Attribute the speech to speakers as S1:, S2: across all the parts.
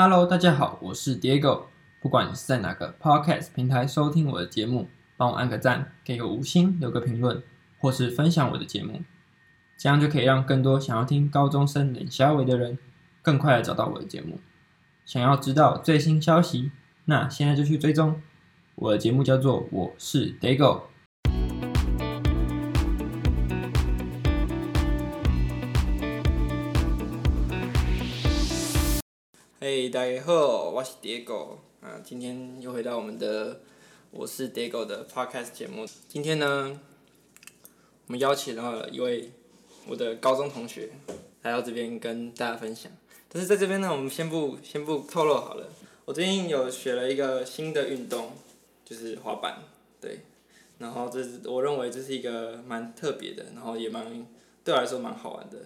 S1: 哈囉，大家好，我是 Diego。不管你是在哪個 podcast 平台收聽我的節目，幫我按個讚，給個五星，留個評論，或是分享我的節目，這樣就可以讓更多想要聽高中生冷小偉的人更快地找到我的節目。想要知道最新消息，那現在就去追蹤。我的節目叫做我是 Diego。嘿，大家好，我是 Diego，啊，今天又回到我們的我是 Diego 的 podcast 節目。今天呢，我們邀請到了一位我的高中同學來到這邊跟大家分享。但是在這邊呢，我們先不先不透露好了。我最近有學了一個新的運動，就是滑板，對。然後這是我認為這是一個蠻特別的，然後也蠻對我來說蠻好玩的。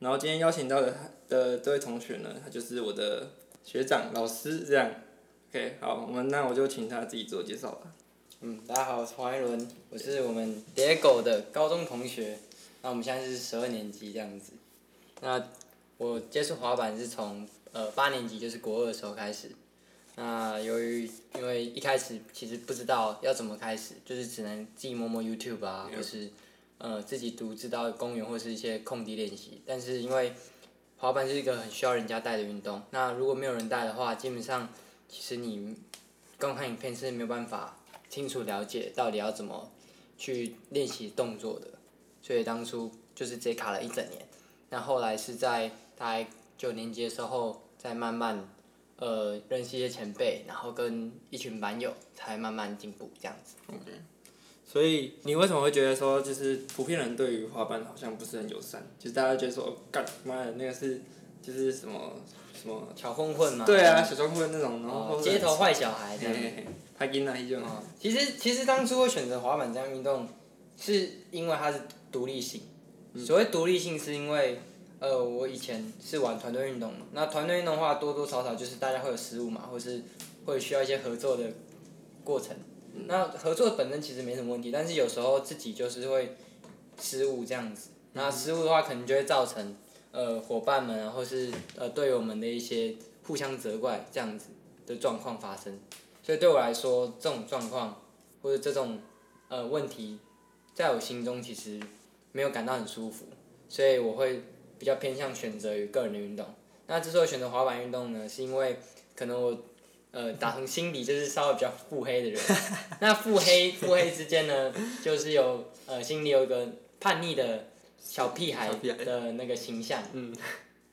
S1: 然後今天邀請到的的這位同學呢，他就是我的。學長、老師這樣，OK，好，我那我就請他自己做介紹吧。嗯，大家好，我是黃一倫，我是我們 Diego 的高中同學，那我們現在是十二年級這樣子。那我接觸滑板是從呃八年級，就是國二的時候開始。那由於因為一開始其實不知道要怎麼開始，就是只能自己摸摸 YouTube 啊，Yeah. 或是呃自己獨自到公園或是一些空地練習，但是因為。滑板是一個很需要人家帶的運動。那如果沒有人帶的話，基本上其實你光看影片是沒有辦法清楚了解到底要怎麼去練習動作的。所以當初就是直接卡了一整年。那後來是在大概九年級的時候，再慢慢呃認識一些前輩，然後跟一群板友才慢慢進步這樣子。嗯嗯所以你為什麼會覺得說，就是普遍人對於滑板好像不是很友善？就是大家覺得說，幹、哦、媽的，那個是就是什麼什麼小混混嘛？對啊，小混混那種，然後、哦、街頭壞小孩這樣嘿嘿嘿，他硬了，一經。哦，其實其實當初會選擇滑板這項運動，是因為它是獨立性。所謂獨立性，是因為呃，我以前是玩團隊運動，那團隊運動的話，多多少少就是大家會有失誤嘛，或是會需要一些合作的過程。那合作本身其實沒什麼問題，但是有時候自己就是會失誤這樣子，那失誤的話可能就會造成呃夥伴們啊或是呃隊友們的一些互相責怪這樣子的狀況發生，所以對我來說這種狀況或者這種呃問題，在我心中其實沒有感到很舒服，所以我會比較偏向選擇於個人的運動。那之所以選擇滑板運動呢，是因為可能我。呃，打從心底就是稍微比較腹黑的人， 那腹黑腹黑之間呢， 就是有呃心裡有一個叛逆的小屁孩的那個形象，嗯，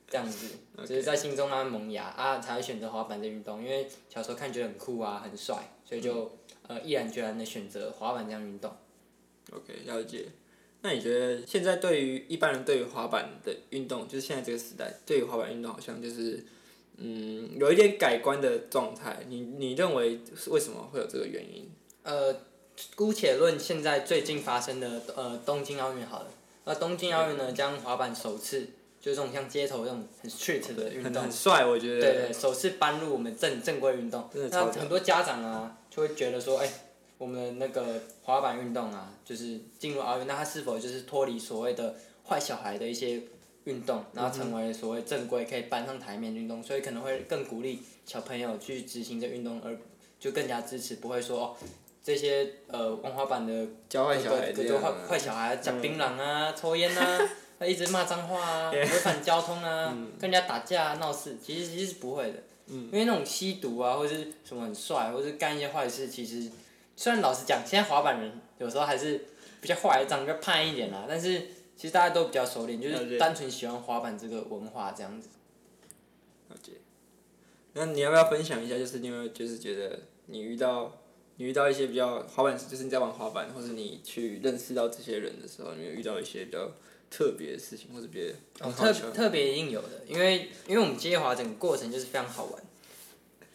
S1: 這樣子，只 Okay. 是在心中慢慢萌芽啊，才會選擇滑板的運動，因為小時候看覺得很酷啊，很帥，所以就、嗯、呃毅然決然的選擇滑板這樣運動。OK，了解。那你覺得現在對於一般人對於滑板的運動，就是現在這個時代對於滑板運動好像就是。嗯，有一點改觀的狀態，你你認為是為什麼會有這個原因？呃，姑且論現在最近發生的呃東京奧運好了，那東京奧運呢將滑板首次就是這種像街頭這種很 street 的運動，哦、很帥，我覺得對，對，對，首次搬入我們正正規運動，那很多家長啊就會覺得說，哎、欸，我們那個滑板運動啊，就是進入奧運，那它是否就是脫離所謂的壞小孩的一些？運動，然後成為所謂正規，可以搬上台面運動，嗯嗯，所以可能會更鼓勵小朋友去執行這運動，而就更加支持，不會說、哦、這些呃，玩滑板的，教壞小孩、啊，嗯壞，壞小孩，吃檳榔啊，嗯、抽菸啊，他 一直罵髒話啊，違反也交通啊，嗯、跟人家打架鬧、啊、事，其實其實是不會的，嗯、因為那種吸毒啊，或者什麼很帥，或者幹一些壞事，其實雖然老實講，現在滑板人有時候還是比較壞，長得胖一點啦、啊，但是。其實大家都比較熟練，就是單純喜歡滑板這個文化這樣子。了解。那你要不要分享一下？就是你有沒有就是覺得你遇到你遇到一些比較滑板，就是你在玩滑板，或者你去認識到這些人的時候，你有遇到一些比較特別的事情，或者別的、哦。特特別一定有的，因為因為我們街滑整個過程就是非常好玩。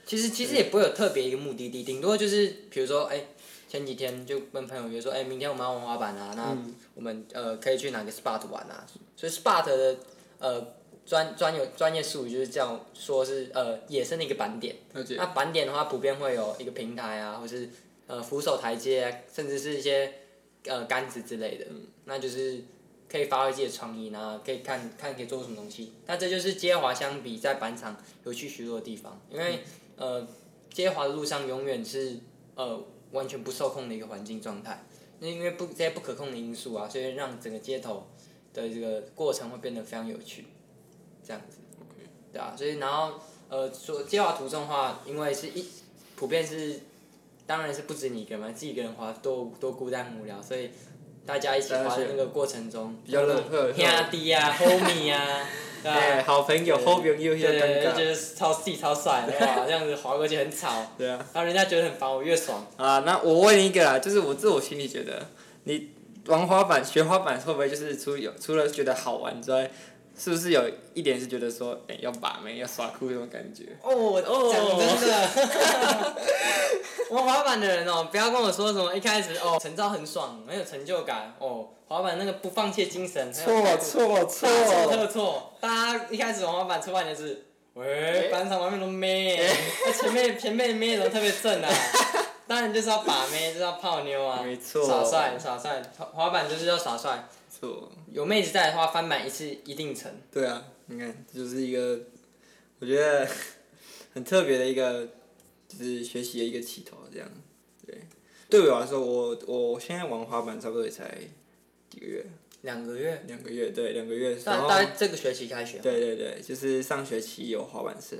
S1: 其實其實也不會有特別一個目的地，頂多就是比如說哎。欸前幾天就跟朋友約說，哎、欸，明天我們要玩滑板啊，那我們、嗯、呃可以去哪個 spot 玩啊？所以 spot 的呃專專有專業術語就是叫說是呃野生的一個板點。且那板點的話，普遍會有一個平台啊，或是呃扶手、台階，甚至是一些呃桿子之類的。嗯。那就是可以發揮自己的創意呢，然後可以看看可以做什麼東西。那這就是街滑相比在板場有趣許多的地方，因為、嗯、呃街滑的路上永遠是呃。完全不受控的一個環境狀態，那因為不這些不可控的因素啊，所以讓整個街頭的這個過程會變得非常有趣，這樣子，Okay. 嗯、對啊，所以然後呃，說接滑途中的話，因為是一普遍是，當然是不止你一個人嘛，自己一個人滑多多孤單無聊，所以大家一起滑的那個過程中比較熱，兄弟啊，homie 啊。 對、啊，hey, 好朋友，好朋友，對，對對對，覺得超細，超帥吧，哇， 這樣子滑過去很吵。對啊。然後人家覺得很煩，我越爽。啊，那我問一個啊，就是我自我心裡覺得，你玩滑板、學滑板，會不會就是除有除了覺得好玩之外？是不是有一點是覺得說，哎、欸，要把妹要耍酷那種感覺？哦哦，講真的，玩、 啊、滑板的人哦，不要跟我說什麼一開始哦，成招很爽，很有成就感哦，滑板那個不放棄精神。錯錯錯，大錯特錯！大家一開始玩滑板出發就是，喂，板上玩面都妹，那、欸啊、前面前面妹都特別正啊，當然就是要把妹，就是要泡妞啊，沒錯錯，耍帥耍帥，滑滑板就是要耍帥。有妹子在的話，翻板一次一定成。對啊，你看，這、就是一個，我覺得很特別的一個，就是學習的一個起頭這樣。對，對我來說，我我現在玩滑板差不多也才幾個月。兩個月，兩個月對，兩個月。個月，大概這個學期開學。對對對，就是上學期有滑板社，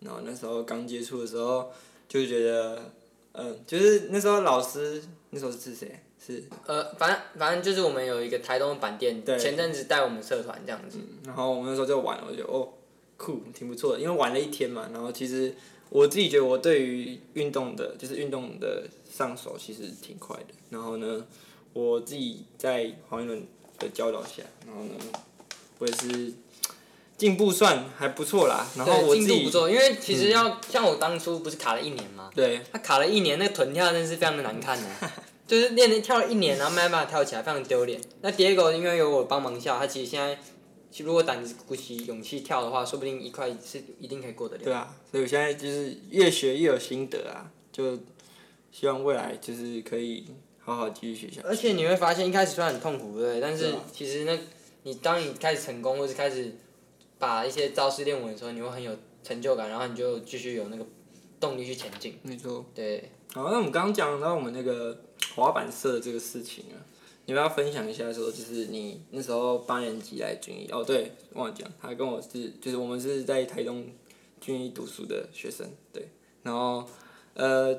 S1: 然後那時候剛接觸的時候就覺得，嗯、呃，就是那時候老師，那時候是誰？是，呃，反正反正就是我們有一個台東的板店，對前陣子帶我們社團這樣子，嗯，然後我們那時候就玩，我就覺得哦，酷，挺不錯的，因為玩了一天嘛，然後其實我自己覺得我對於運動的，就是運動的上手其實挺快的，然後呢，我自己在黃一倫的教導下，然後呢，我也是進步算還不錯啦，然後我自己，進步不錯，因為其實要、嗯、像我當初不是卡了一年嘛，對，他卡了一年，那個臀跳真的是非常的難看的、啊。 就是練跳了一年，然後慢慢跳起來，非常丟臉。那 Diego 因為有我幫忙下，他其實現在，如果膽子鼓起勇氣跳的話，說不定一塊是一定可以過得了。對啊，所以我現在就是越學越有心得啊，就希望未來就是可以好好繼續學下去。下。而且你會發現，一開始雖然很痛苦，對，但是其實那，啊、你當你開始成功，或是開始把一些招式練穩的時候，你會很有成就感，然後你就繼續有那個動力去前進。沒錯。對。好，那我們剛剛講到我們那個。滑板社這個事情啊，你們要分享一下，說就是你那時候八年級來均一哦，對，忘了講，他跟我是就是我們是在台東均一讀書的學生，對，然後呃，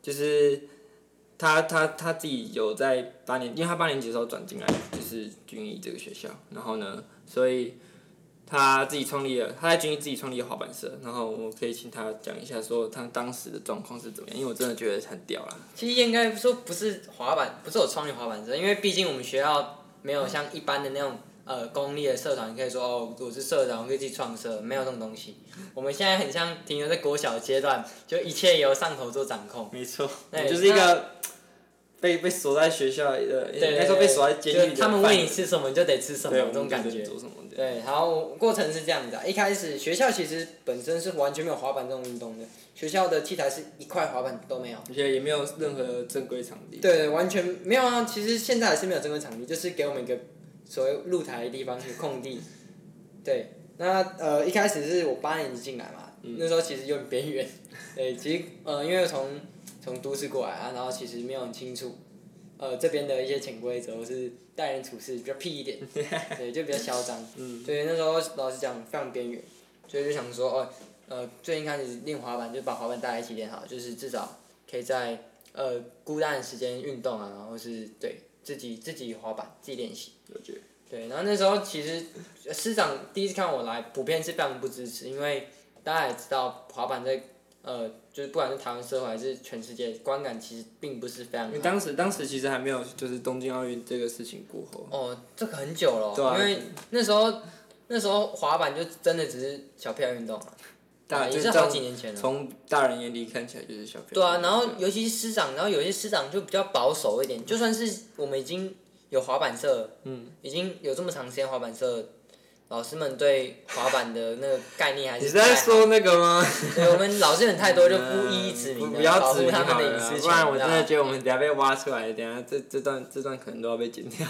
S1: 就是他他他自己有在八年，因為他八年級的時候轉進來就是均一這個學校，然後呢，所以。他自己創立了，他在軍藝自己創立了滑板社，然後我可以請他講一下，說他當時的狀況是怎麼樣，因為我真的覺得很屌啦。其實應該說不是滑板，不是我創立滑板社，因為畢竟我們學校沒有像一般的那種呃公立的社團，你可以說哦我是社長，我可以自己創社，沒有這種東西。嗯、我們現在很像停留在國小階段，就一切由上頭做掌控。沒錯錯，對我就是一個被被鎖在學校的，呃對，應該說被鎖在監獄。他們餵你吃什麼，你就得吃什麼，有這種感覺。對，然後過程是這樣子的。一開始，學校其實本身是完全沒有滑板這種運動的，學校的器材是一塊滑板都沒有，而且也沒有任何正規場地。對，對，對，完全沒有啊！其實現在還是沒有正規場地，就是給我們一個所謂露台的地方，去空地。嗯、對，那呃，一開始是我八年級進來嘛，嗯、那時候其實有點邊緣。對，其實呃，因為從從都市過來啊，然後其實沒有很清楚。呃，這邊的一些潛規則，或是待人處事比較屁一點， 對，就比較囂張。 所以那時候老實講非常邊緣，所以就想說，哦，呃，最近開始練滑板，就把滑板帶來一起練好，就是至少可以在呃孤單的時間運動啊，然後是對自己自己滑板自己練習。了解。對，然後那時候其實師長第一次看我來，普遍是非常不支持，因為大家也知道滑板在。呃，就是不管是台灣社會還是全世界觀感，其實並不是非常。因為當時當時其實還沒有，就是東京奧運這個事情過後。哦，這個很久了，對啊，因為那時候對那時候滑板就真的只是小屁孩運動，對，也是好幾年前了。從大人眼裡看起來就是小屁孩。對啊，然後尤其是師長，然後有些師長就比較保守一點，嗯，就算是我們已經有滑板社，嗯，已經有這麼長時間滑板社。老師們對滑板的那個概念，還是……你在說那個嗎？所以，我們老師人太多，就不一一指明，保護他們的隱私。不然，我真的覺得我們等下被挖出來，等下這這段，這段可能都要被剪掉。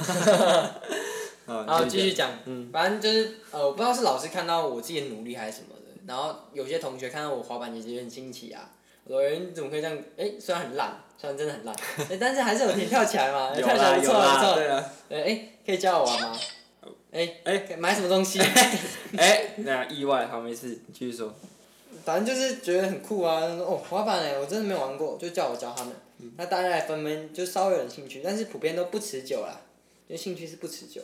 S1: 然後繼續講，反正就是……呃，我不知道是老師看到我自己的努力還是什麼的。然後有些同學看到我滑板也覺得很新奇啊！我說：“你怎麼可以這樣？”哎，雖然很爛，雖然真的很爛，哎，但是還是有人跳起來嘛。跳起來不錯，不錯。對啊，哎，可以教我玩嗎？誒誒，欸、買什麼東西？誒、欸 欸，那、啊、意外，好沒事，繼續說。反正就是覺得很酷啊，就是、哦，滑板誒，我真的沒有玩過，就叫我教他們。嗯、那大家也紛紛，就稍微有點興趣，但是普遍都不持久啦。就興趣是不持久。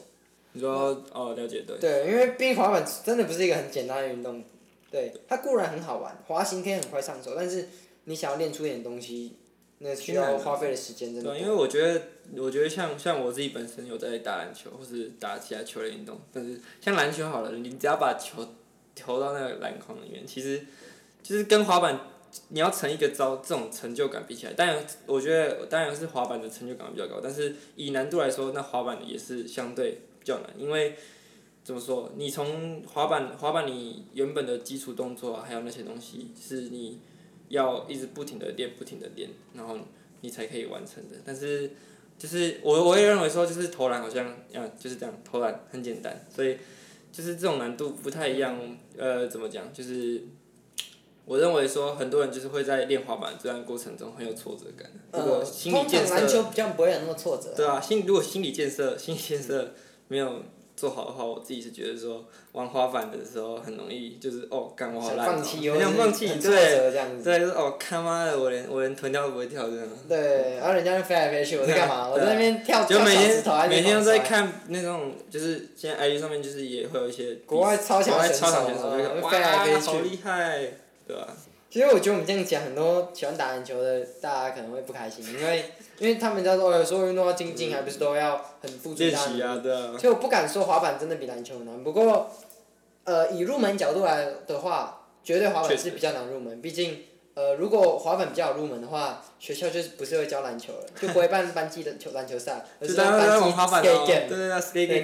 S1: 你說、嗯、哦，了解對。對，因為畢竟滑板真的不是一個很簡單的運動。對。它固然很好玩，滑行可以很快上手，但是你想要練出一點東西，那需要花費的時間真的。對，因為我覺得。我覺得像像我自己本身有在打籃球，或是打其他球類運動，但是像籃球好了，你只要把球投到那個籃筐裡面，其實就是跟滑板你要成一個招，這種成就感比起來，當然我覺得當然是滑板的成就感比較高，但是以難度來說，那滑板也是相對比較難，因為怎麼說，你從滑板滑板你原本的基礎動作還有那些東西是你要一直不停的練不停的練，然後你才可以完成的，但是。就是我，我也認為說，就是投籃好像，嗯，就是這樣，投籃很簡單，所以就是這種難度不太一樣。嗯、呃，怎麼講？就是我認為說，很多人就是會在練滑板的這段過程中很有挫折感。嗯、呃，滑板籃球比較不會有那麼挫折。對啊，心如果心理建設、心理建設、嗯、沒有。做好的話，我自己是覺得說，玩滑板的時候很容易，就是哦，幹我好爛，我想放棄，放對，對，就是哦，他媽的，我連我連豚跳都不會跳，這樣。對，然、啊、後人家就飛來飛去，我在幹嘛？啊，我在那邊跳，就每天每天都在看那種，就是現在，I G 上面，就是也會有一些國外超強選手，飛來飛去，好厲害，對吧、啊？其實我覺得我們這樣講，很多喜歡打籃球的，大家可能會不開心，因為 因為他們知道說，哦，有時候運動，要精進、嗯、還不是都要很付出？練習就不敢說滑板真的比籃球難，不過，呃，以入門角度來的話，絕對滑板是比較難入門。畢實竟，呃，如果滑板比較好入門的話，學校就是不是會教籃球了，就不會辦班級的球籃球賽， 而是會會辦班級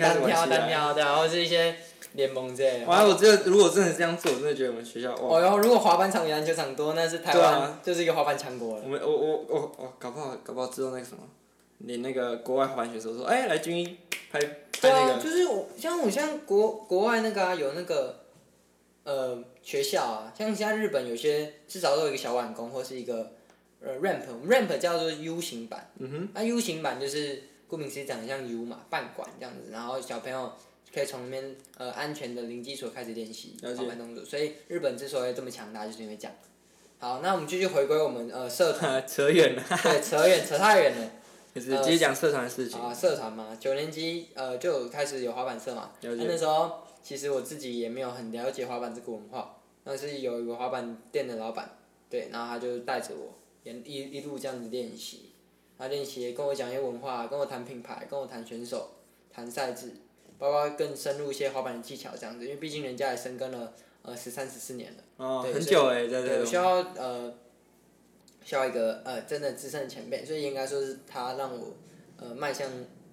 S1: 單挑單挑，然後是一些。聯盟這，哇！啊、我真的，如果真的這樣做，我真的覺得我們學校哦，然後，如果滑板場比籃球場多，那是台灣、啊、就是一個滑板強國了我們，我、哦，我、哦，我、哦，我搞不好，搞不好，知道那個什麼，你那個國外滑板選手說，哎、欸，來軍醫拍拍那個。啊、就是我像我像國國外那個啊，有那個，呃，學校啊，像現在日本有些至少都有一個小碗公或是一個呃 ramp ramp 叫做 U 型板。嗯哼。那、啊、U 型板就是顧名思義，長得像 U 嘛，半管這樣子，然後小朋友。可以從裡面呃安全的零基礎開始練習滑板動作，了解。所以日本之所以這麼強大就是因為這樣。好，那我們繼續回歸我們呃社團。扯遠了。對，扯遠扯太遠了。 呃、直接講社團的事情。啊，社團嘛，九年級呃就開始有滑板社嘛。了解。那時候其實我自己也沒有很了解滑板這個文化，但是有一個滑板店的老板，對，然後他就帶着我，也一一路這樣子練習，然後練習跟我講一些文化，跟我談品牌，跟我談選手，談賽制。包括更深入一些滑板的技巧，這樣子，因為畢竟人家也深耕了呃十三十四年了，哦，對很久哎，以在這我、嗯、需要呃，需要一個呃真的資深的前輩，所以應該說是他讓我呃邁向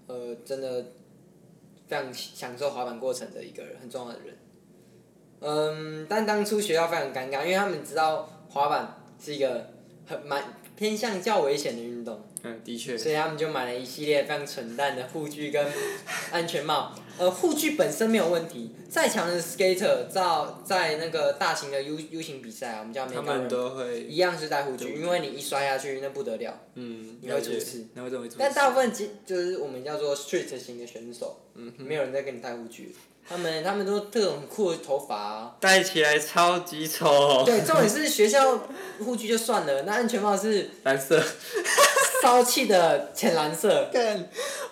S1: 呃真的非常享受滑板過程的一個人，很重要的人。嗯，但當初學校非常尷尬，因為他們知道滑板是一個很蠻偏向較危險的運動，嗯，的確，所以他們就買了一系列非常蠢蛋的護具跟安全帽。 呃，護具本身沒有問題，再強的 skater 在在那個大型的 U U 型比賽啊，我們叫每個人一樣是帶護具，因為你一摔下去那不得了，嗯，你會出事，那但大部分就是我們叫做 street 型的選手，嗯，沒有人在給你帶護具。他們他們都這種酷的頭髮、啊、戴起來超級醜、喔。對，重點是學校護具就算了， 那安全帽是藍色，騷 氣的淺藍色。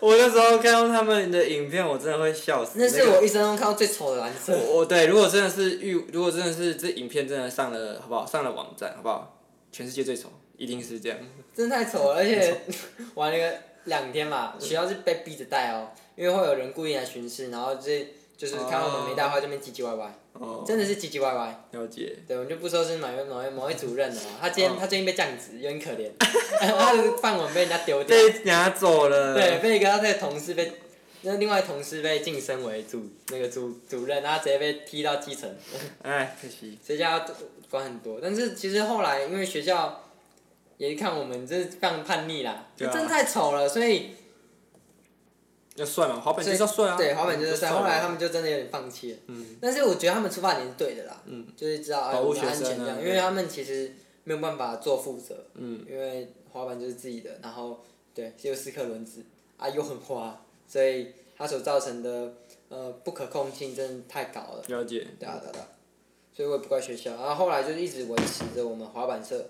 S1: 我那時候看到他們的影片，我真的會笑死。那是我一生中看到最醜的藍色。那個、我對，如果真的是遇，如果真的是這影片真的上了，好不好？上了網站，好不好？全世界最醜，一定是這樣。真的太醜了，而且醜玩了兩天嘛，學校是被逼着戴哦，嗯、因為會有人故意來巡視，然後這、就是。就是看到我們沒帶話，就那邊唧唧歪歪，oh, 真的是唧唧歪歪。了解。對我們就不說是哪一哪一哪一某位某位某位主任了嘛，他今天、oh. 他今天被降職，也很可憐。 他的飯碗被人家丟掉。被人家拿走了。對，被他的同事被，那另外同事被晉升為主那個主主任，然後直接被踢到基層。 哎，可惜。這家管很多，但是其實後來因為學校，也看我們這犯叛逆啦，就好真的太醜了，所以。要帥嘛，滑板就是要帥啊！對，滑板就是帥。後來他們就真的有點放棄了。嗯。但是我覺得他們出發點是對的啦。嗯。就是知道啊，安全這樣，因為他們其實沒有辦法做負責。嗯。因為滑板就是自己的，然後對，只有四顆輪子，啊，又很滑，所以它所造成的呃不可控性真的太高了。了解。對啊，對啊，所以我也不怪學校。然後後來就是一直維持着我們滑板社，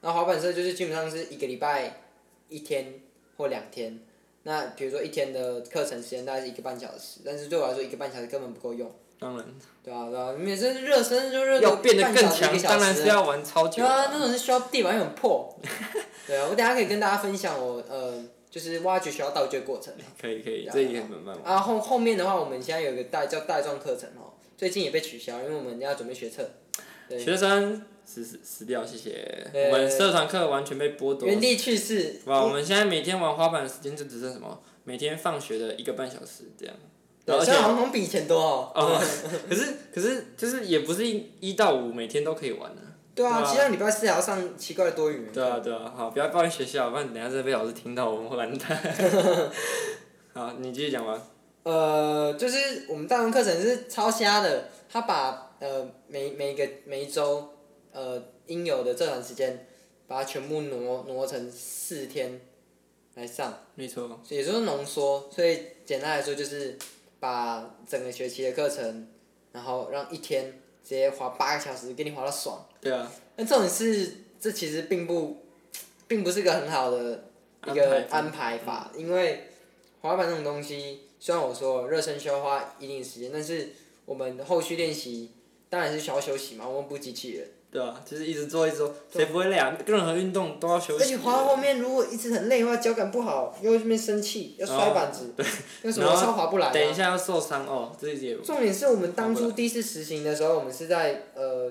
S1: 那滑板社就是基本上是一個禮拜一天或兩天。那比如說一天的課程時間大概是一個半小時，但是對我來說一個半小時根本不夠用。當然。對啊，對啊，每次熱身就熱身，半小時一個小時。當然是要玩超久。對啊，那種是需要地板很破。 對啊，我等下可以跟大家分享我呃，就是挖掘需要道具的過程。 啊、可以、呃就是啊、可以。可以這，樣 這也很慢啊，後後面的話，我們現在有一個帶叫帶狀課程哦、喔，最近也被取消，因為我們要準備學測。學生死死死掉，謝謝。我們社團課完全被剝奪。原地去世。哇，我們現在每天玩滑板的時間就只剩什麼？每天放學的一個半小時這樣。好像好像比以前多哦。可是可是就是也不是一一到五每天都可以玩的。對啊，今天禮拜四還要上奇怪的多語。對啊對啊，好，不要抱怨學校，不然等下真的被老師聽到我們會完蛋。好，你繼續講吧。呃，就是我們大堂課程是超瞎的，他把。呃，每每個每一周，呃，應有的這段時間，把它全部挪挪成四天，來上。沒錯。所以也就是濃縮，所以簡單來說，就是把整個學期的課程，然後讓一天直接滑八個小時，給你滑到爽。對啊。那這種是，這其實並不，並不是個很好的一個安排法，排嗯、因為滑板這種東西，雖然我說熱身需要花一定時間，但是我們後續練習。嗯當然是需要休息嘛，我們不機器人。對啊，就是一直做，一直做，誰不會累啊？對任何運動都要休息、啊。而且滑到後面如果一直很累的話，腳感不好，又會這邊生氣，要摔板子，哦、對，有時候超滑不來的，然後等一下要受傷哦。這一節重點是我們當初第一次實行的時候，我們是在呃，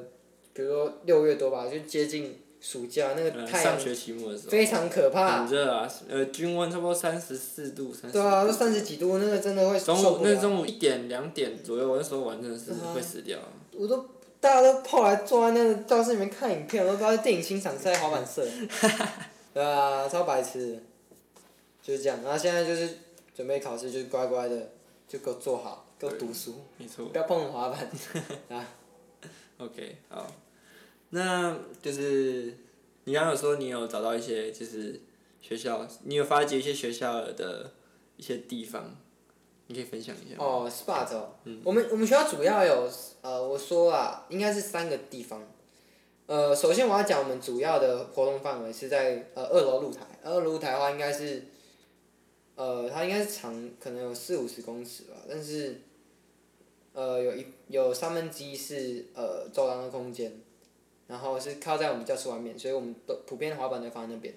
S1: 比如說六月多吧，就接近。暑假那個太陽，非常可怕，很熱啊！啊是是呃，均溫差不多三十四度，度對啊，就三十幾度，那個真的會那中午一、那個、點，兩點左右，那時候玩真的是會死掉，啊。嗯、哼我都大家都泡來坐在那個教室裡面看影片，我都坐在電影欣賞室，滑板社。 對啊，超白痴，就是這樣。然後現在就是準備考試，就是乖乖的，就給我坐好，給我讀書，沒錯，不要碰我滑板， 啊、OK，好。那就是你剛剛有說你有找到一些，就是學校，你有發掘一些學校的一些地方，你可以分享一下？哦，Oh, Spot，喔。嗯，我們我們學校主要有呃，我說啊，應該是三個地方。呃，首先我要講我們主要的活動範圍是在呃二樓露臺。二樓露臺的話，應該是，呃，它應該是長可能有四五十公尺吧，但是，呃，有一有三分之一是呃走廊的空間。然後是靠在我們教室外面，所以我們都普遍滑板都放在那邊。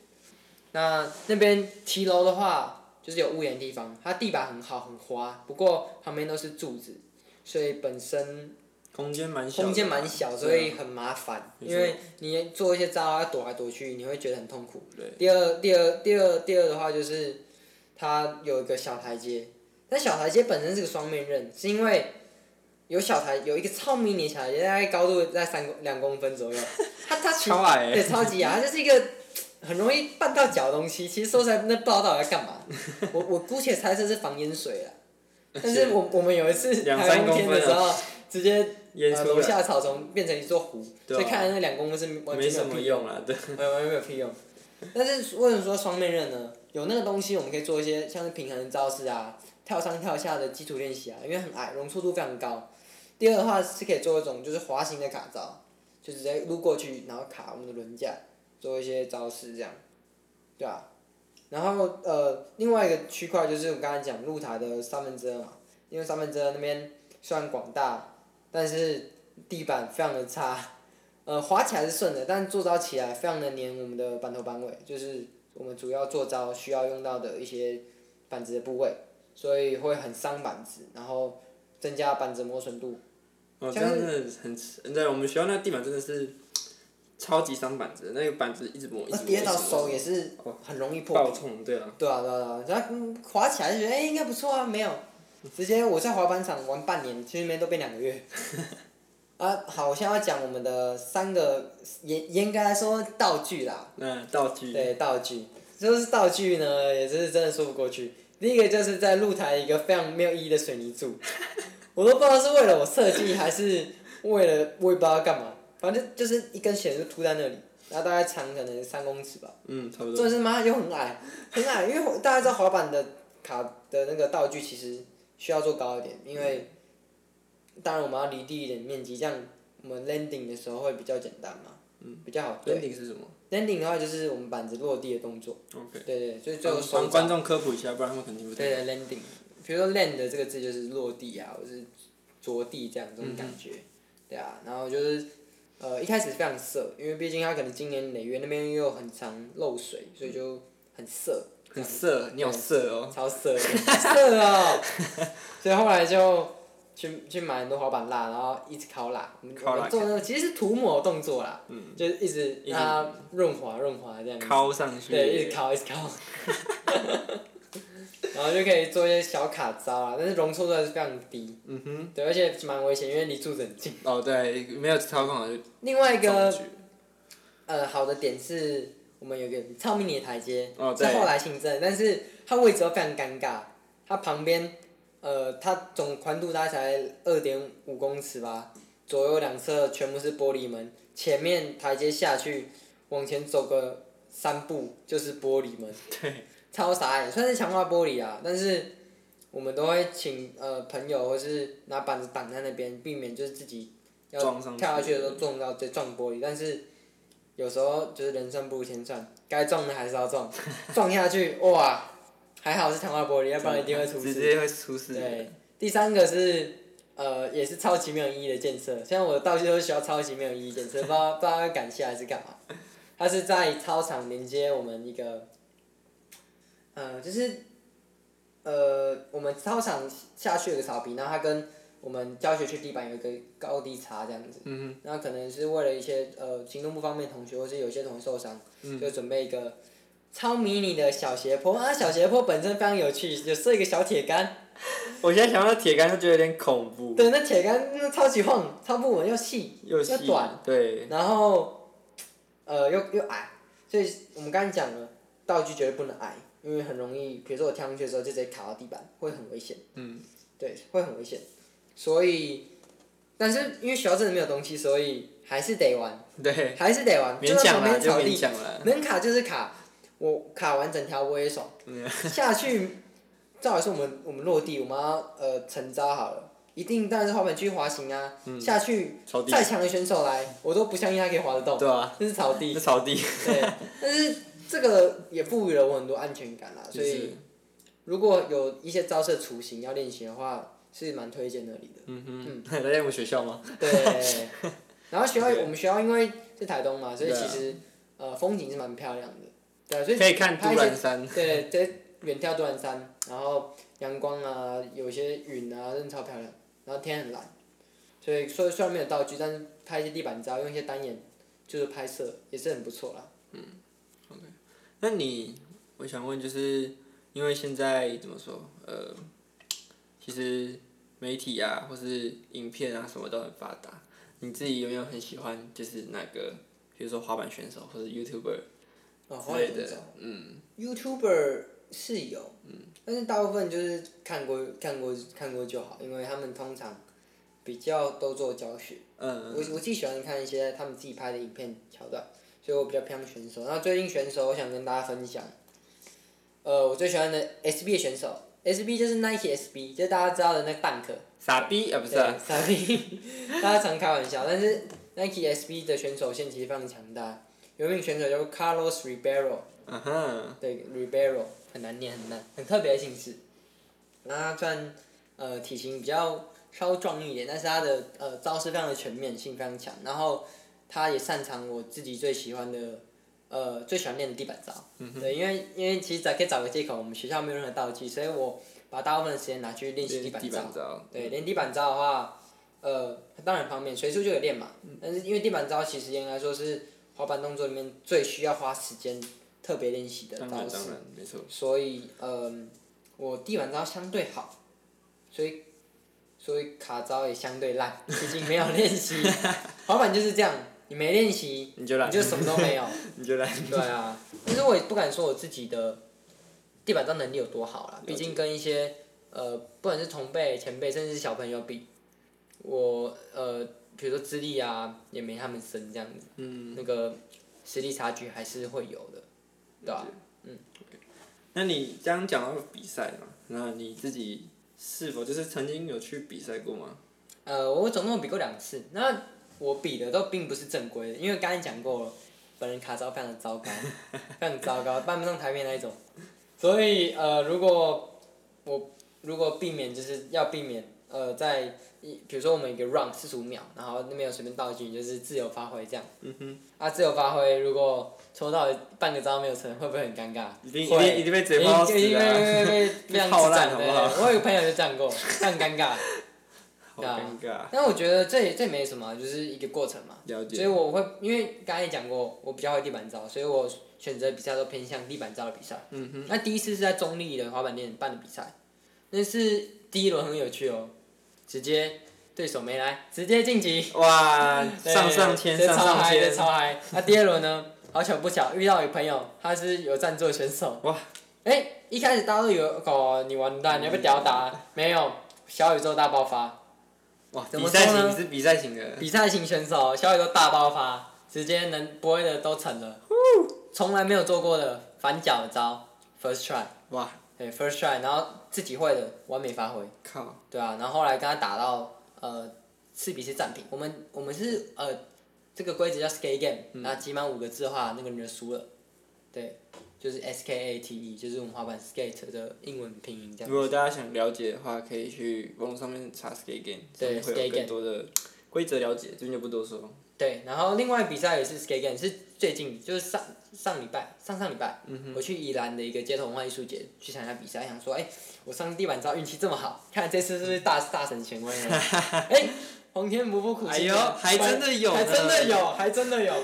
S1: 那那邊騎樓的話，就是有屋檐地方，它地板很好很滑，不過旁邊都是柱子，所以本身空間蠻小，空間蠻小，所以很麻煩。啊、因為你做一些招要躲來躲去，你會覺得很痛苦。第二對，第二，第二，第二的話就是，它有一個小台階，但小台階本身是個雙面刃，是因為。有小台，有一個超迷你小台，大概高度在三公兩公分左右。它它超矮、欸、對超級矮，它就是一個很容易絆到腳的東西。其實說出來，那不知道到底在幹嘛。 我我姑且猜測是防淹水啦。但是我，我我們有一次台風天的時候，啊、直接樓、呃、下的草叢變成一座湖。就、啊、看來那兩公分是完全沒有。沒什麼用啊！對。沒有沒有沒有屁用， 但是為什麼說雙面刃呢？有那個東西，我們可以做一些像是平衡的招式啊，跳上跳下的基礎練習啊，因為很矮，容錯度非常高。第二的話是可以做一種就是滑行的卡招，就直接擼過去，然後卡我們的輪架，做一些招式這樣，對吧、啊？然後呃，另外一個區塊就是我剛才講露台的三分之二嘛，因為三分之二那邊雖然廣大，但是地板非常的差，呃，滑起來是順的，但做招起來非常的黏我們的板頭板尾，就是我們主要做招需要用到的一些板子的部位，所以會很傷板子，然後增加板子磨損度。哦，真的像，很，真的，我們學校那個地板真的是超級傷板子的，那個板子一直磨。那跌到手也是，很容易破。爆衝，對啊，對啊。對啊，對、嗯、啊，然後滑起來就覺得誒、欸、應該不錯啊，沒有。直接我在滑板場玩半年，其實沒都變兩個月。 啊，好，我現在要講我們的三個，嚴嚴格來說道具啦。嗯，道具。對道具，就是道具呢，也是真的說不過去。第一個就是在露台一個非常沒有意義的水泥柱.。 我都不知道是為了我設計，還是為了我也不知道幹嘛，反正就是一根弦就凸在那裡，然後大概長可能三公尺吧。嗯，差不多是嗎？是，它就很矮，很矮，因為大家知道滑板的卡的那個道具，其實需要做高一點，因為，當然我們要離地一點面積，這樣我們 landing 的時候會比較簡單嘛。嗯。比較好。landing 是什麼？landing 的話，就是我們板子落地的動作。Okay。對，對對，所以就個幫觀眾科普一下，不然他們肯定不聽，對對對。對，landing。比如說 “land” 的這個字就是落地啊，或，就是着地這樣這種感覺，嗯、哼對啊，然後就是，呃，一開始是非常澀，因為畢竟它可能經年累月那邊又很常漏水，所以就很澀。很澀色，樣你有澀哦，喔。超澀，澀哦、 喔，所以後來就去去買很多滑板蠟，然後一直烤蠟。我們做那個其實是塗抹動作啦，嗯，就一直讓它潤滑潤滑這樣。烤上去。對，一直烤，一直烤。 然後就可以做一些小卡招啊，但是容錯率還是非常低。嗯哼。對，而且蠻危險，因為離柱子很近。哦，對，沒有操控的。另外一個，呃，好的點是我們有個超迷你的台階，是、哦、後來新增，但是它位置非常尷尬，它旁邊，呃，它總寬度大概才二點五公尺吧，左右兩側全部是玻璃門，前面台階下去，往前走個。三步就是玻璃門，對超傻、欸，眼，算是強化玻璃啊。但是我們都會請呃朋友或是拿板子擋在那邊，避免就是自己要跳下去的時候撞到，再撞，撞玻璃。但是有時候就是人算不如天算，該撞的還是要撞， 撞下去，哇，還好是強化玻璃，要不然這樣 一定會出事。直接會出事。對，第三個是呃，也是超級沒有意義的建設。像我到處都需要超級沒有意義建設， 不知道，不知道要感謝還是幹嘛。它是在操場連接我們一個，呃，就是，呃，我們操場下去有個草坪，然後它跟我們教學區地板有一個高低差這樣子。嗯，那哼可能是為了一些呃行動不方便的同學，或是有些同學受傷，就準備一個超迷你的小斜坡。那、嗯哼啊、小斜坡本身非常有趣，就設一個小鐵杆。 我現在想到鐵杆就覺得有點恐怖。 對，那鐵杆、嗯、超級晃，超不穩，又細，短又短。對。然後。呃，又又矮，所以我們剛才講了，道具絕對不能矮，因為很容易，比如說我跳上去的時候，就直接卡到地板，會很危險。嗯。對，會很危險，所以，但是因為學校這裡沒有東西，所以還是得玩。對。還是得玩。勉強了，就勉強了。能卡就是卡，我卡完整條我也爽。 下去，正好是我們我們落地，我們要呃成招好了。一定帶着滑板去滑行啊，下去再強的選手來，我都不相信他可以滑得動。對啊，這是草地。是草地。對，但是這個也賦予了我很多安全感啊，所以，如果有一些招式雛形要練習的話，是蠻推薦那裡的。嗯哼。嗯，在我們學校嗎？對。然後學校我們學校因為是台東嘛，所以其實呃風景是蠻漂亮的，對，所以可以看都蘭山。對，對，遠眺都蘭山，然後陽光啊，有些雲啊，真的超漂亮。然後天很藍，所以雖雖然沒有道具，但是拍一些地板照，用一些單眼，就是拍攝，也是很不錯啦。嗯，OK，那你，我想問，就是因為現在怎麼說，呃，其實媒體啊，或是影片啊，什麼都很發達。你自己有沒有很喜歡，就是那個，比如說滑板選手，或者，YouTuber，之類的，嗯？嗯，YouTuber。是有，但是大部分就是看過看過看過就好，因為他們通常比較都做教學。嗯,嗯我我最喜歡看一些他們自己拍的影片橋段，所以我比較偏選手。然後最近選手，我想跟大家分享，呃，我最喜歡的 S B 的選手，S B 就是 Nike S B，就是大家知道的那個 Dunk 傻逼，啊不是對傻逼， 大家常開玩笑， 但是 Nike S B 的選手現在其實非常強大，有一名選手叫 Carlos Ribeiro 嗯哼、uh，huh. 對 Ribeiro 很難練，很難，很特別的性質。然後他雖然呃體型比較稍微壯一點，但是他的呃招式非常的全面性非常強。然後他也擅長我自己最喜歡的呃最喜歡練的地板招。嗯、哼對，因為因為其實在可以找個借口，我們學校沒有任何道具，所以我把大部分的時間拿去練習地板招。地板招對，練地板招的話，呃，當然方便，隨處就可以練嘛。但是因為地板招，其實應該說是滑板動作裡面最需要花時間。特別練習的當然沒錯。所以，呃，我地板招相對好，所以，所以卡招也相對爛，畢竟沒有練習。滑板 就是這樣，你沒練習，你就爛，你就什麼都沒有。 你就爛懶。對啊，其實我也不敢說我自己的地板招能力有多好了，畢、啊、竟跟一些解呃，不管是同輩、前輩，甚至是小朋友比，我呃，比如說資歷啊，也沒他們深這樣子，嗯、那個實力差距還是會有的。對啊，嗯，okay。那你這樣講到比賽嘛，那你自己是否就是曾經有去比賽過嗎？呃，我總共有比過兩次，那我比的都並不是正規的，因為剛才講過本人卡招非常的糟糕， 非常糟糕，搬不上台面那一種。 所以呃，如果我如果避免就是要避免呃，在一比如說我們一個 round 四十五秒，然後那邊有隨便道具，就是自由發揮這樣。嗯哼。啊，自由發揮，如果。抽到半個招沒有成，會不會很尷尬？一定會，一定會被被被這樣子讚，好不好？對，我有個朋友就這樣過，這樣尷尬尷尬，但我覺得這也這沒什麼就是一個過程嘛。所以我會，因為剛才也講過，我比較會地板招，所以我選擇比較多偏向地板招的比賽。那第一次是在中立的滑板店辦的比賽，那是第一輪，很有趣哦，直接對手沒來，直接晉級。哇，上上天上上天的超嗨。那第二輪呢好巧不巧，遇到一個朋友，他是有贊助的選手。哇！誒、欸，一開始大家都以為，哦、你完蛋，你被吊打，啊？哇沒有，小宇宙大爆發。哇！怎麼比賽型是比賽型的。比賽型選手，小宇宙大爆發，直接能不會的都成了。從呼來沒有做過的反腳的招，first try。哇。對，first try，然後自己會的完美發揮。靠。對啊，然後後來跟他打到呃，四比四戰平。我們我們是呃。這個規則叫 skate game，那、嗯、集滿五個字的話，那個人就輸了。對，就是 skate，就是我們滑板 skate 的英文拼音這樣。如果大家想了解的話，可以去網上面查 skate game，對上面會有更多的規則了解。這邊就不多說。對，然後另外比賽也是 skate game，是最近就是上上禮拜、上上禮拜，嗯、哼我去宜蘭的一個街頭文化藝術節去參加比賽，想說，哎，我上地板，照運氣這麼好，看這次是不是大 大神前威？哎。 皇天不負苦心人，哎呦，還真的有，還真的有，還真的有。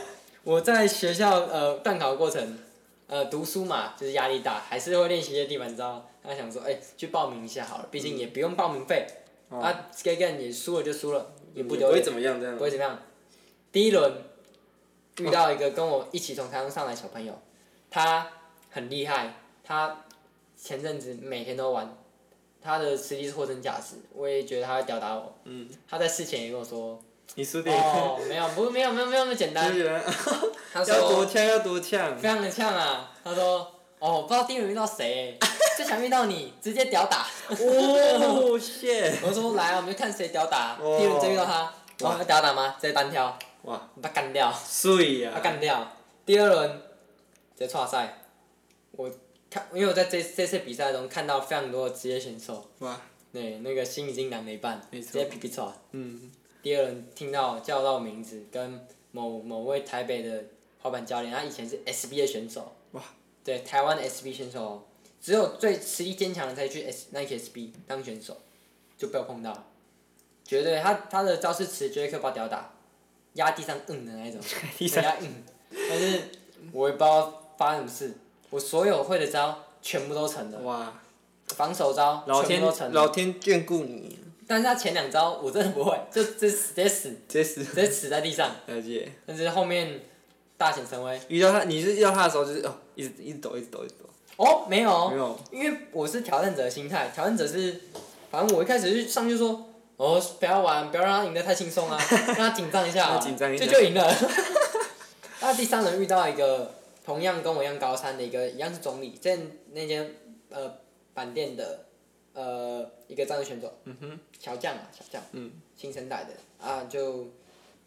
S1: 我在學校呃，段考過程，呃，讀書嘛，就是壓力大，還是會練習一些地板招。他想說，哎，去報名一下好了，畢竟也不用報名費。啊 skate game 輸了就輸了，也不會怎麼樣。不會怎麼樣。第一輪，遇到一個跟我一起從台灣上來小朋友，他很厲害，他前陣子每天都玩。他的實力是貨真價實，我也覺得他會吊打我。嗯。他在事前也跟我說。你輸定了。沒有，不，沒有，沒有，沒有那麼簡單。他說要多嗆，要多嗆，非常的嗆啊！他說：“哦，不知道第一輪遇到誰，就想遇到你，直接吊打。”哇！謝。我說：“來啊，我們就看誰吊打。”第一輪就遇到他。哇。要吊打嗎？直接單挑。哇。把他幹掉。水呀。把他幹掉。第二輪，直接拖賽。我。看，因為我在這這次比賽中看到非常多的職業選手，哇對，那個心已經涼了一半沒辦錯，直接皮皮抽啊，錯嗯，第二輪聽到叫到名字，跟某某位台北的滑板教練，他以前是 S B 的選手，哇對台灣 S B 選手，只有最實力堅強的才去 S Nike S B 當選手，就被我碰到，絕對他他的招式，詞絕對可，可以把屌打，壓地上摁的那一種，地上摁，但是我也不知道發生什麼事。嗯我所有會的招，全部都成了。哇！防守招，老天老天眷顧你。但是他前兩招我真的不會，就就直接死，直接死，直接死在地上。了解。但是後面大顯神威。遇到他，你是遇到他的時候，就是哦，一直一直抖一直抖一直抖。哦，沒有。沒有。因為我是挑戰者的心態，挑戰者是，反正我一開始是上去說：“哦，不要玩，不要讓他贏得太輕鬆啊，讓他緊張一下，這就贏了。”那第三人遇到一個。同樣跟我一樣高三的一個，一樣是中理，在那間呃板店的呃一個戰士選手，嗯、哼小將嘛、啊，小將，嗯、新生代的啊就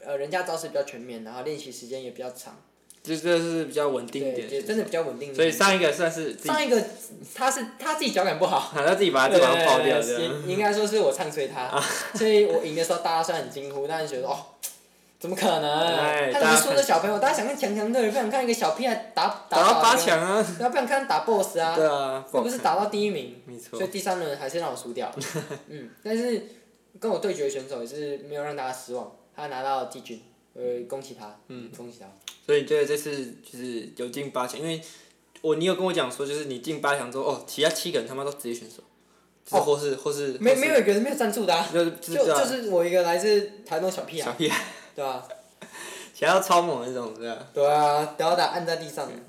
S1: 呃人家招式比較全面，然後練習時間也比較長，就這是比較穩定的真的比較穩定，所以上一個算是自己上一個他是他自己腳感不好、啊，他自己把腳感拋掉的，應該說是我唱衰他，啊、所以我贏的時候大家雖然很驚呼，但是覺得說哦。怎麼可能？他只輸的小朋友，大家想看強強隊，不想看一個小屁孩打打，打到八強啊！然後不想看他打 BOSS 啊！對，不是打到第一名。沒錯。所以第三輪還是讓我輸掉。嗯，但是跟我對決的選手也是沒有讓大家失望，他拿到季軍，呃，恭喜他，嗯，恭喜他。所以，對這次就是有進八強，因為我你有跟我講說，就是你進八強之後，哦，其他七個人他媽都職業選手，哦，或是或是。沒沒有一個人沒有贊助的。就就是我一個來自台東小屁孩。小屁孩。對啊，想要 超猛那種，是吧？啊？對啊，然後打按在地上。Yeah.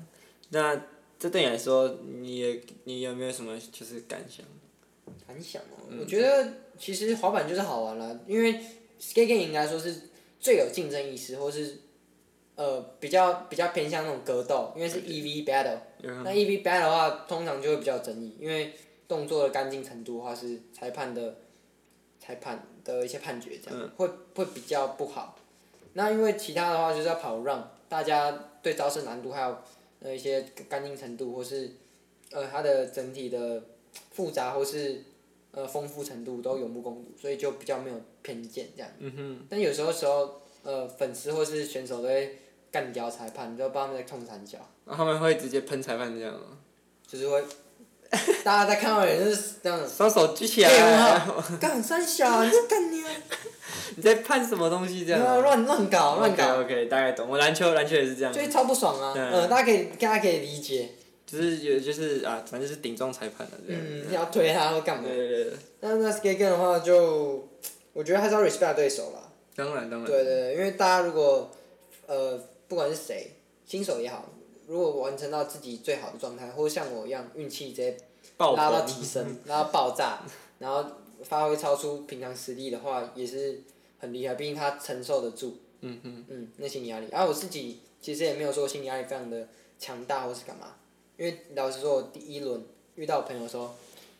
S1: 那這對你來說，你也你有沒有什麼就是感想？感想哦，嗯、我覺得其實滑板就是好玩啦，因為 skate 應該說是最有競爭意識，或是呃，比較比較偏向那種格鬥，因為是 E V battle。那 Okay. E V battle 的話，通常就會比較爭議，因為動作的乾淨程度，或是裁判的裁判的一些判決，這樣，嗯、會會比較不好。那因為其他的話就是要跑 run，大家對招式難度還有呃一些乾淨程度或是呃它的整體的複雜或是呃豐富程度都有目共睹，所以就比較沒有偏見這樣。嗯哼。但有時候時候呃粉絲或是選手都會幹掉裁判，就把他們在個捅慘掉。然後他們會直接噴裁判這樣嗎？就是會。 大家在看到人就是這樣子，雙手舉起來、啊。幹、hey, 三小、啊，你幹你啊！ 你在判什麼東西？這樣、啊。亂亂亂亂搞。搞 okay, OK，大概懂。我籃球，籃球也是這樣。就超不爽啊！嗯 Yeah.、呃，大家可以，大家可以理解。就是有，就是啊，反正就是頂撞裁判了、啊，這樣、嗯、要推他或幹嘛？那那 skate 的話就，就我覺得還是要 respect 對手啦。當然，當然。對，對對，因為大家如果呃，不管是誰，新手也好。如果完成到自己最好的狀態，或者像我一樣運氣直接
S2: 拉到提升，
S1: 然後爆炸，然後發揮超出平常實力的話，也是很厲害。畢竟他承受得住，嗯嗯哼，嗯，那心理壓力。而、啊、我自己其實也沒有說心理壓力非常的強大，或是幹嘛。因為老實說，我第一輪遇到朋友的時候，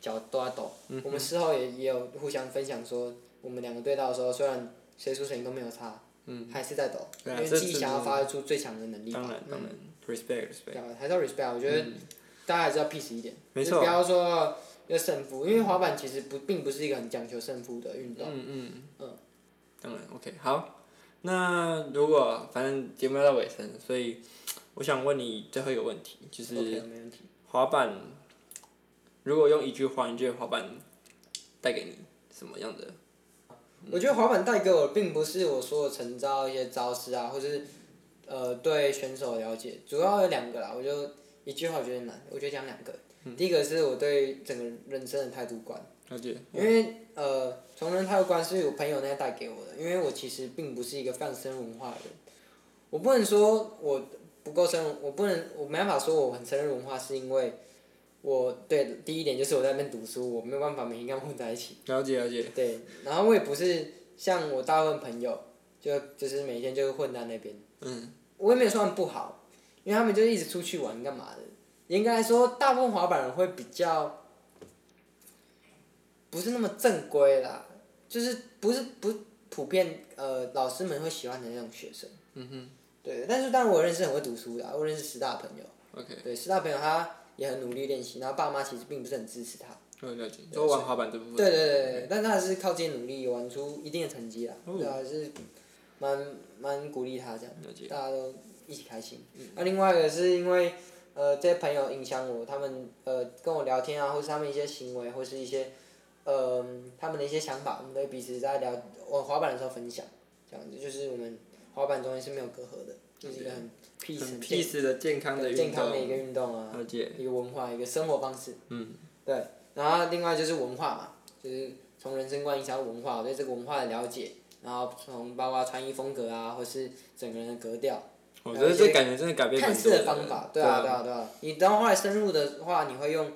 S1: 腳都在抖，嗯、哼我們事後也也有互相分享說，我們兩個對到的時候，雖然誰輸誰贏都沒有差，嗯，還是在抖，嗯、因為自己想要發揮出最強的能力嘛。respect，respect. 對吧？還是要 respect。我覺得大家還是要 peace 一點，沒錯，嗯。不要說要勝負，因為滑板其實不並不是一個很講求勝負的運動。嗯嗯嗯。嗯嗯當然，OK，好。那如果反正節目要到尾聲，所以我想問你最後一個問題，就是滑板。如果用一句話，你覺得滑板帶給你什麼樣的？嗯、我覺得滑板帶給我，並不是我所有成招一些招式啊，或者是。呃，對選手了解，主要有兩個啦。我就一句話，我覺得難，我就講兩個。嗯。第一個是我對整個人生的態度觀。了解。因為呃，從人態度觀是由我朋友那邊帶給我的。因為我其實並不是一個放生文化的人，我不能說我不夠生，我不能，我沒辦法說我很生日文化，是因為我對第一點就是我在那邊讀書，我沒有辦法每一天跟他們混在一起。了解，了解。對，然後我也不是像我大部分朋友，就就是每天就是混在那邊。嗯。我也沒有說他們不好，因為他們就一直出去玩幹嘛的。應該說，大部分滑板人會比較，不是那麼正規啦，就是不是不是普遍呃，老師們會喜歡的那種學生。嗯哼。對，但是，但我認識很會讀書的，我認識十大朋友。Okay. 對，十大朋友，他也很努力練習，然後爸媽其實並不是很支持他。嗯，了解。對，所以，對對對，Okay. 但他還是靠自己努力玩出一定的成績啦。嗯、哦。對啊，就是。蠻蠻鼓勵他，這樣解大家都一起開心。那，嗯啊，另外一個是因為呃，這些朋友影響我，他們呃跟我聊天啊，或是他們一些行為，或是一些呃他們的一些想法，我們會彼此在聊玩滑板的時候分享。這樣子，就是我們滑板中間是沒有隔閡的，是就是一個很 peace 的健康的運動，健康的一個運動啊，解一個文化，一個生活方式。嗯，對，然後另外就是文化嘛，就是從人生觀影響文化，我對這個文化的了解。.然後從包括穿衣風格啊，或是整個人的格調，我覺得這感覺真的改變很多。看事的方法，對啊，對啊，對啊！你等會後來深入的話，你會用，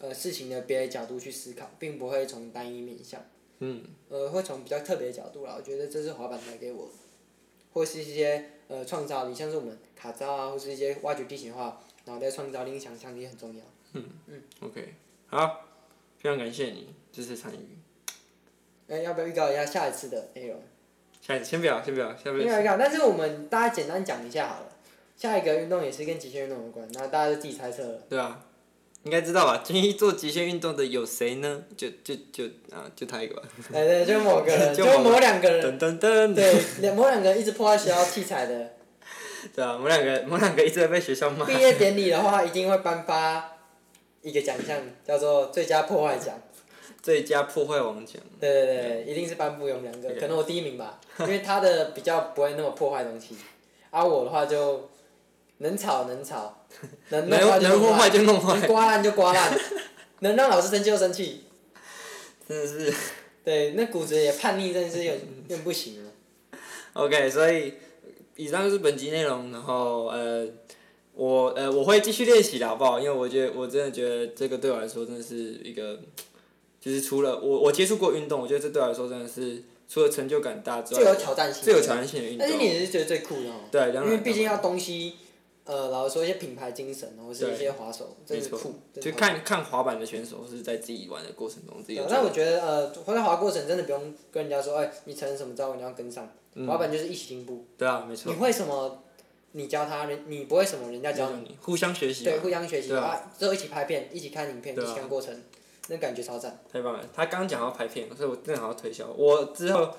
S1: 呃，事情的別的角度去思考，並不會從單一面向。嗯。呃，會從比較特別的角度啦。我覺得這是滑板帶給我，或是一些呃創造，你像是我們卡扎啊，或是一些挖掘地形的話，腦袋創造力。你想象力很重要。嗯。嗯。OK，好，非常感謝你這次參與。哎，要不要預告一下下一次的內容？哎、下一次先不要，先不要，先不要。先不要預告，但是我們大家簡單講一下好了。下一個運動也是跟極限運動有關，嗯、那大家就自己猜測了。對啊，應該知道吧？今天做極限運動的有誰呢？就就就啊，就他一個吧。哎對，對，對，就是、某個人。就某兩個，個人。噔，噔噔噔。對，兩某兩個人一直破壞學校器材的。 對啊，某兩個，某兩個一直在被學校罵。畢業典禮的話，一定會頒發一個獎項， 叫做“最佳破壞獎”。最佳破壞王獎。對對對，Yeah. 一定是頒布給我們兩個，可能我第一名吧，因為他的比較不會那麼破壞東西，而、 啊、我的話就，能吵能吵。能弄壞就弄壞。能刮爛就刮爛， 能讓老師生氣就生氣。 真的是。對，那骨子也叛逆，真的是有點 不行了。OK，所以，以上就是本集內容。然後呃，我呃，我會繼續練習的，好不好？因為我覺得我真的覺得這個對我來說真的是一個。就是除了我，我接觸過運動，我覺得這對我來說真的是除了成就感大之外，最有挑戰性，最有挑戰性的運動。而且你也是覺得最酷的哦？對，因為畢竟要東西，呃，然後說一些品牌精神，或是一些滑手，這是酷。就看看滑板的選手是在自己玩的過程中自己。那我覺得呃，滑滑過程真的不用跟人家說，哎，你成什麼招，人家要跟上。滑板就是一起進步。對啊，沒錯。你會什麼？你教他，你不會什麼，人家教你。互相學習。對，互相學習啊！之後一起拍片，一起看影片，一起看過程。那感覺超讚！太棒了，他剛講要拍片，所以我正好要推銷我之後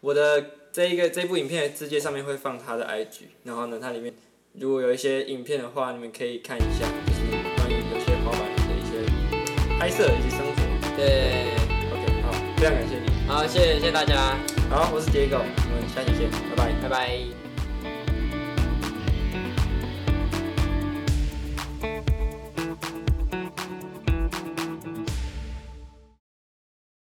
S1: 我的這一個這一部影片的字節上面會放他的 IG，然後呢，它裡面如果有一些影片的話，你們可以看一下，就是關於有些滑板的一些拍攝以及生活。對，OK，好，非常感謝你。好謝謝，謝謝大家。好，我是 Diego，我們下期見，拜拜，拜拜。